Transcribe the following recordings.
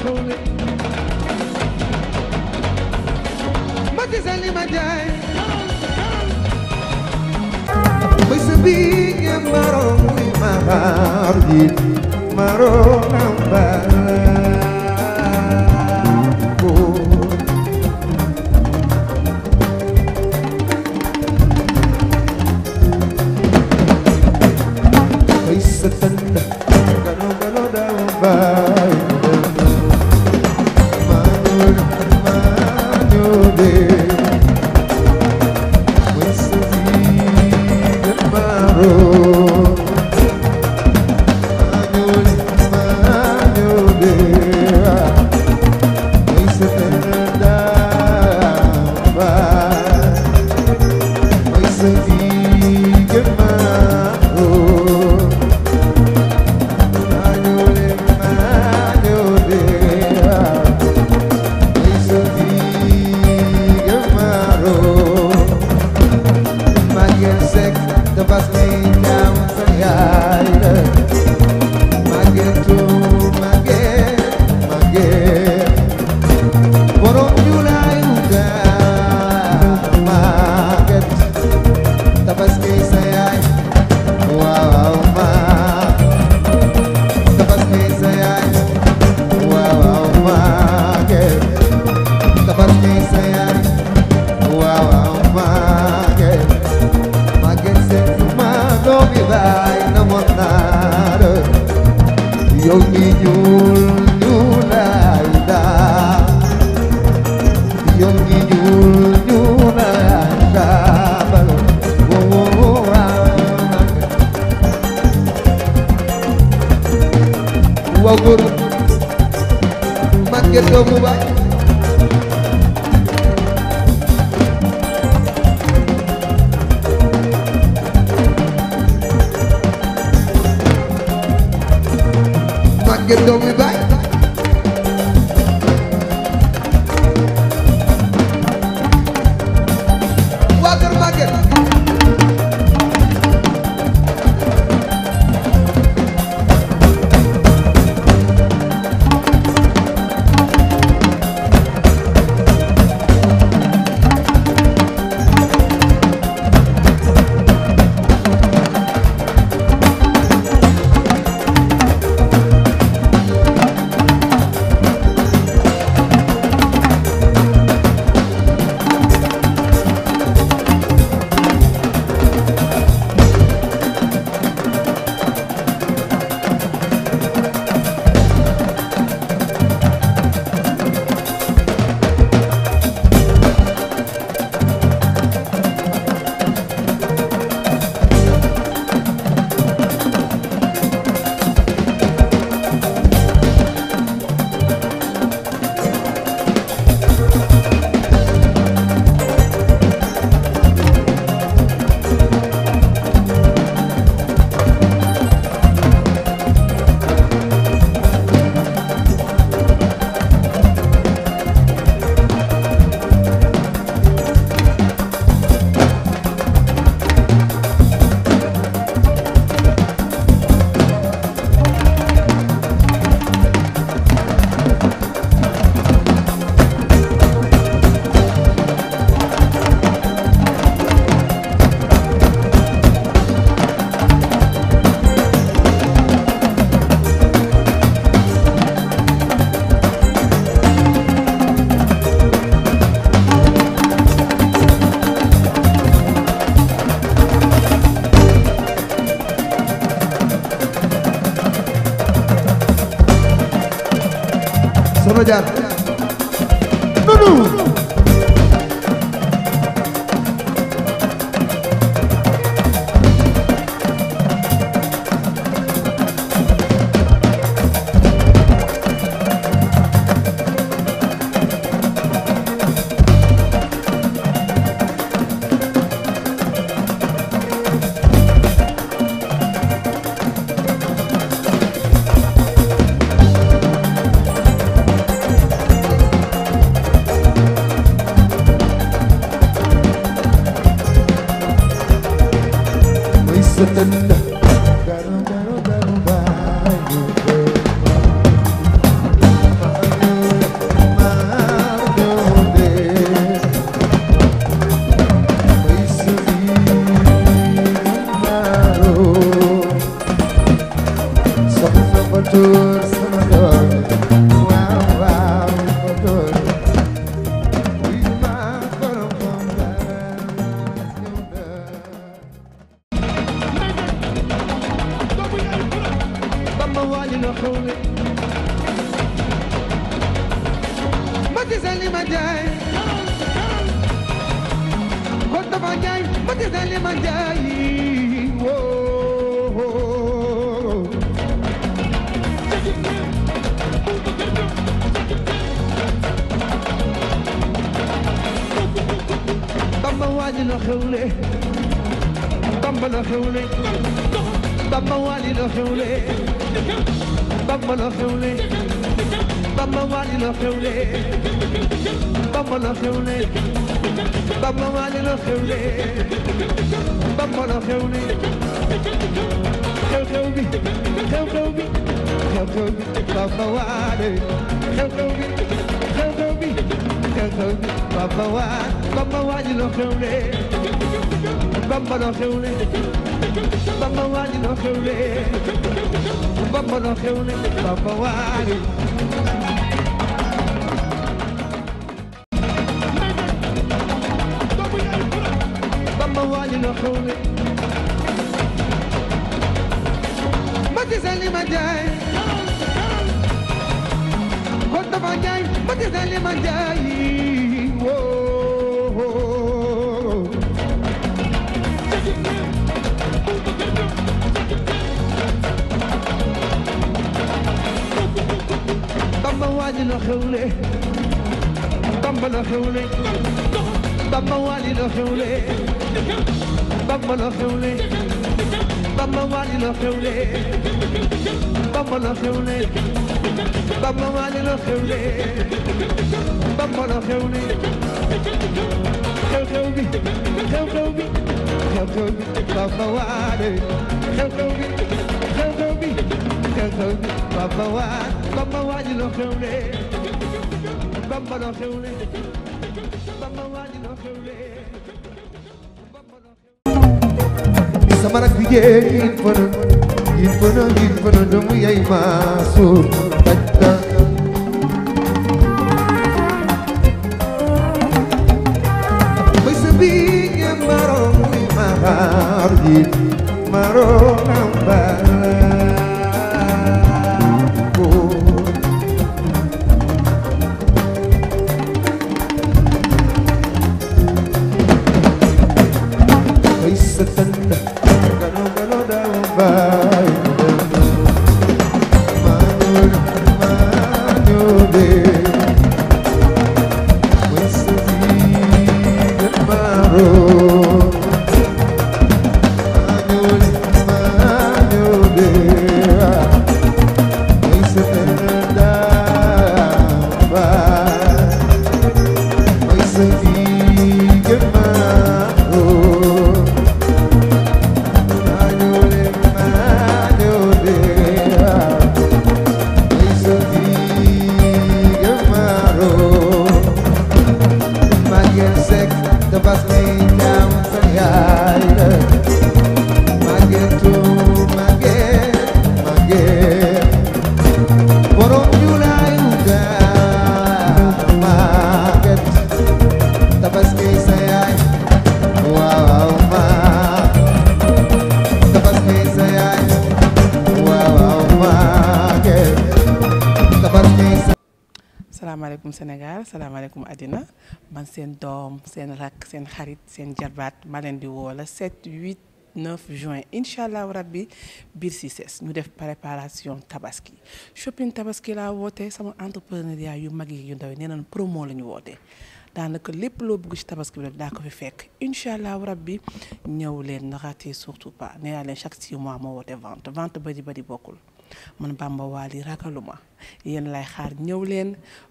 control it. But it's only my day. Pois sabia, marou e marou, marou não vai. Brasil. Magul Maget doomu baay Maget doomu jaar tëdd يخوني ما تسألني ما جاي كنت ما جاي ما تسألني ما جاي طب والي لو خولي طب لو خولي طب والي لو خولي Bamba la xewle Bamba Wally la xewle Bamba la xewle Bamba Wally la xewle Bamba la xewle xew xew bi xew xew bi xew xew bi Bamba Wally xew xew bi xew xew bi xew xew bi Bamba Wally Bamba Wally la xewle Bamba la xewle bamba waali noo xewle bamba noo xewle bamba waali bamba waali noo xewle mati sali ma jaay kon dafa jaay mati sali ma jaay woo waali la xewle Bamba la xewle Bamba waali la xewle Bamba la xewle Bamba waali la xewle Bamba la xewle Bamba waali la xewle Bamba la xewle xew xew bi xew xew bi xew xew bi Bamba waali xew xew bi xew xew bi xew xew bi bamba waa bamba waa ji loo xewle bamba loo xewle bamba waa ji loo xewle sama rak bi jee in fana in fana in fana doomu yaay maa suur salaamaaleykum Sénégal salaamaaleykum àddina man seen doom seen rakk seen xarit seen jarbaat maa leen di woola la 7 8 9 juin incha allahu rabbi biir Cissesse ñu def préparation tabaski shopping tabaski laa woote sama entrepreneuriat yu mag yi yu ndaw yi nee nañ promo la ñu woote daanaka lépp loo bëgg ci tabaski bi daa ko fi fekk incha allahu rabbi ñëw leen na raté surtout pas nee naa leen chaque six mois moo woote vente vente ba di bokkul. man Bamba Wally ragaluma yéen lay xaar ñëw leen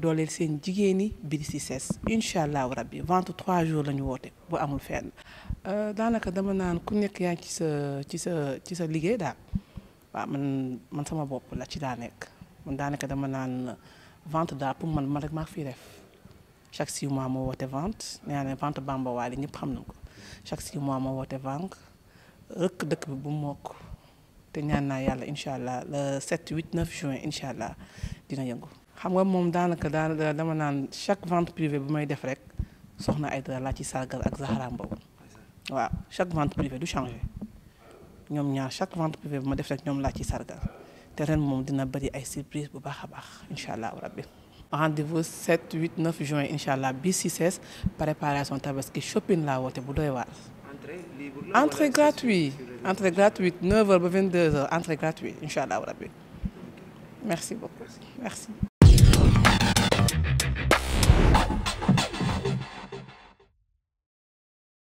dooleel seen jigéen ñi Biri Cissesse incha allahu rabbi vingt trois jours la woote bu amul fenn. Euh, daanaka dama naan ku nekk yaa ngi ci sa ci sa ci sa liggéey daal waaw man man sama bopp la ci daa nekk man daanaka dama naan vente daal pour man man rek maa fi def chaque six mois moo woote vente nee naa ne vente Bamba ñëpp xam na ko chaque six mois moo woote vente rëkk dëkk bi bu mokk te ñaan naa yàlla incha allah le 7 8 9 juin incha allah dina yëngu. xam nga moom daanaka daanaka dama naan chaque vente privée bu may def rek soxna ay dara laa ci sargal ak Zahra Mbow. waaw chaque vente privée du changer ñoom ñaar chaque vente privée bu ma def rek ñoom laa ci sargal te ren moom dina bëri ay surprise bu baax a baax incha allah rabbi. rendez-vous 7 8 9 juin incha allah bi 6 préparation tabaski shopping laa woote bu doy waar. entrée gratuite entrée gratuite 9h ba 22h entrée gratuite incha allah rabbi merci beaucoup merci.